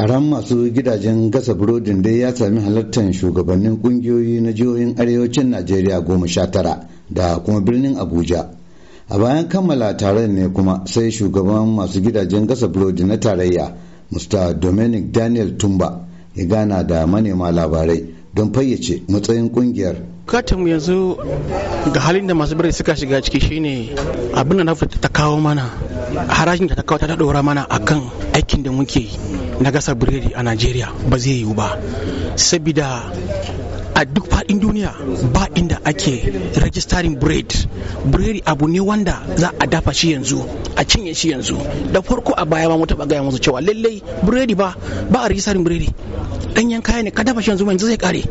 taron masu gidajen gasa burodin dai ya sami halartar shugabannin kungiyoyi na jihohin arewacin najeriya goma sha tara da kuma birnin abuja a bayan kammala taron ne kuma sai shugaban masu gidajen gasa burodi na tarayya mr dominic daniel tumba ya gana da manema labarai don fayyace matsayin kungiyar bukatarmu yanzu ga halin da masu birni suka shiga ciki shine abin da nafta ta kawo mana harajin da ta kawo ta dora mana akan aikin da muke yi na gasar biredi a najeriya ba zai yiwu ba saboda a duk faɗin duniya ba inda ake registering bread bread abu ne wanda za a dafa shi yanzu a cinye shi yanzu da farko a baya ma mu a gaya musu cewa lallai biredi ba ba a registering biredi danyen kaya ne ka dafa zuma yanzu zai kare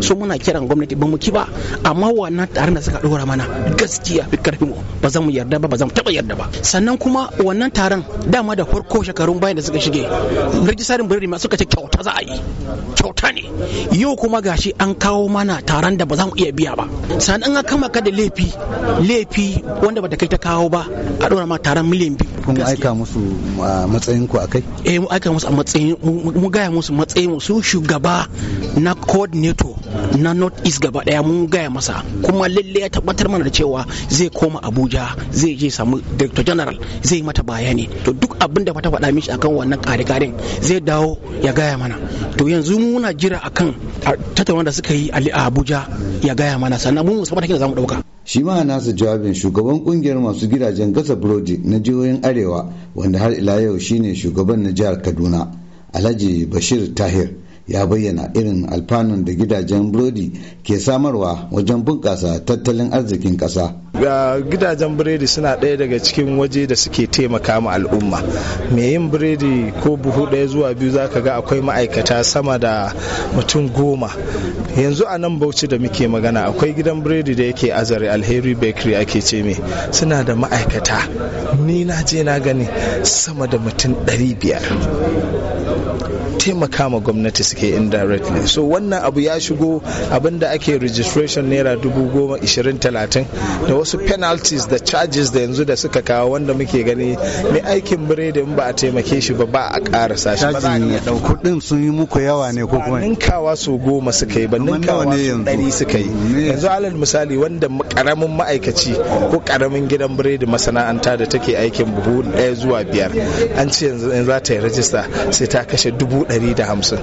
su muna kiran gwamnati ba mu ki ba amma wannan taron da suka dora mana gaskiya fi karfin mu ba za mu yarda ba ba za mu taba yarda ba sannan kuma wannan taron dama da farko shekarun bayan da suka shige rijistarin birni ma suka ce kyauta za a yi kyauta ne yau kuma gashi an kawo mana taron da ba za mu iya biya ba sannan an kama ka da laifi laifi wanda ba ta kai ta kawo ba a dora ma taron miliyan biyu kun aika musu a matsayin ku akai eh mu aika musu a matsayin mu gaya musu matsayin su shugaba na coordinator na north east gaba daya mun gaya masa kuma lalle ya tabbatar mana da cewa zai koma abuja zai je samu director general zai mata bayani to duk abin da fata faɗa mishi akan wannan kare zai dawo ya gaya mana to yanzu muna jira akan tattaunawa da suka yi a abuja ya gaya mana sannan mun musamman take da zamu dauka shi ma nasa jawabin shugaban kungiyar masu gidajen gasa burodi na jihohin arewa wanda har ila yau shine shugaban na jihar kaduna alhaji bashir tahir ya bayyana irin alfanun da gidajen burodi ke samarwa wajen bunƙasa tattalin arzikin ƙasa. gidajen biredi suna ɗaya daga cikin waje da suke taimaka ma al'umma mai yin biredi ko buhu ɗaya zuwa biyu za ka ga akwai ma'aikata sama da mutum goma yanzu a nan bauchi da muke magana akwai gidan biredi da yake azare alheri bakery ake ce me suna da ma'aikata ni na je na gani sama da mutum ɗari biyar taimaka ma gwamnati suke indirectly so wannan abu ya shigo abinda ake registration naira dubu goma ishirin talatin da wasu penalties da charges da yanzu da suka kawo wanda muke gani mai aikin biredin ba a taimake shi ba ba a shi ba za a sun yi muku yawa ne ko kuma ninkawa su goma suka yi ba ninkawa su ɗari suka yi yanzu alal misali wanda karamin ma'aikaci ko karamin gidan biredi masana'anta da take aikin buhu ɗaya zuwa biyar an ce yanzu za ta yi rajista sai ta kashe kashe dubu ɗari da hamsin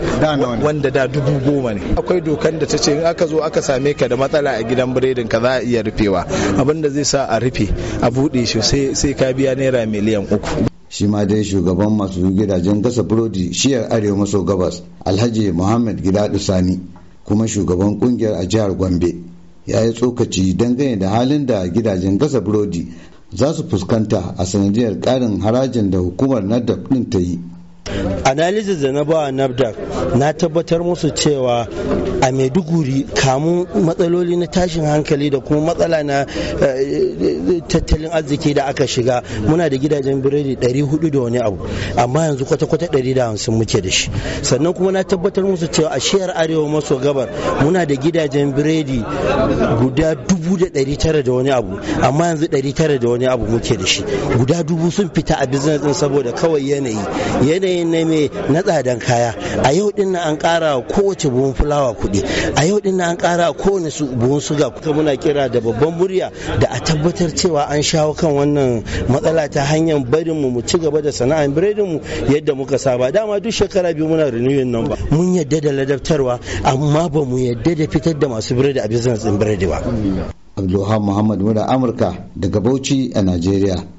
wanda da dubu goma ne akwai dokan da ta ce in aka zo aka same ka da matsala a gidan biredin ka za a iya rufewa abin da zai sa a rufe a buɗe shi sai ka biya naira miliyan uku shi ma dai shugaban masu gidajen gasa burodi shiyar arewa maso gabas alhaji muhammad gidadu sani kuma shugaban kungiyar a jihar gombe ya yi tsokaci dangane da halin da gidajen gasa burodi za su fuskanta a sanadiyar karin harajin da hukumar nadab ɗin ta yi analysis da na ba nafdac na tabbatar musu cewa a maiduguri kamu matsaloli na tashin hankali da kuma matsala na eh, tattalin arziki da aka shiga muna da gidajen biredi 400 da wani abu amma yanzu kwata-kwata 150 muke da shi sannan kuma na tabbatar musu cewa a shiyar arewa maso gabar muna da gidajen biredi guda 900 da wani abu amma yanzu 900 da wani abu muke da shi guda dubu sun fita a business din saboda kawai yanayi yanayi me na me na tsadan kaya a yau din an kara kowace buhun fulawa kuɗi a yau din an kara kowane buhun suga kuka muna kira da babban murya da a tabbatar cewa an shawo kan wannan matsala ta hanyar barin mu mu ci gaba da sana'ar biredin mu yadda muka saba dama duk shekara biyu muna renewing nan ba mun yadda da ladabtarwa amma ba mu yadda da fitar da masu biredi a business din biredi ba Abdulhamid Muhammad Mura Amurka daga Bauchi a Najeriya.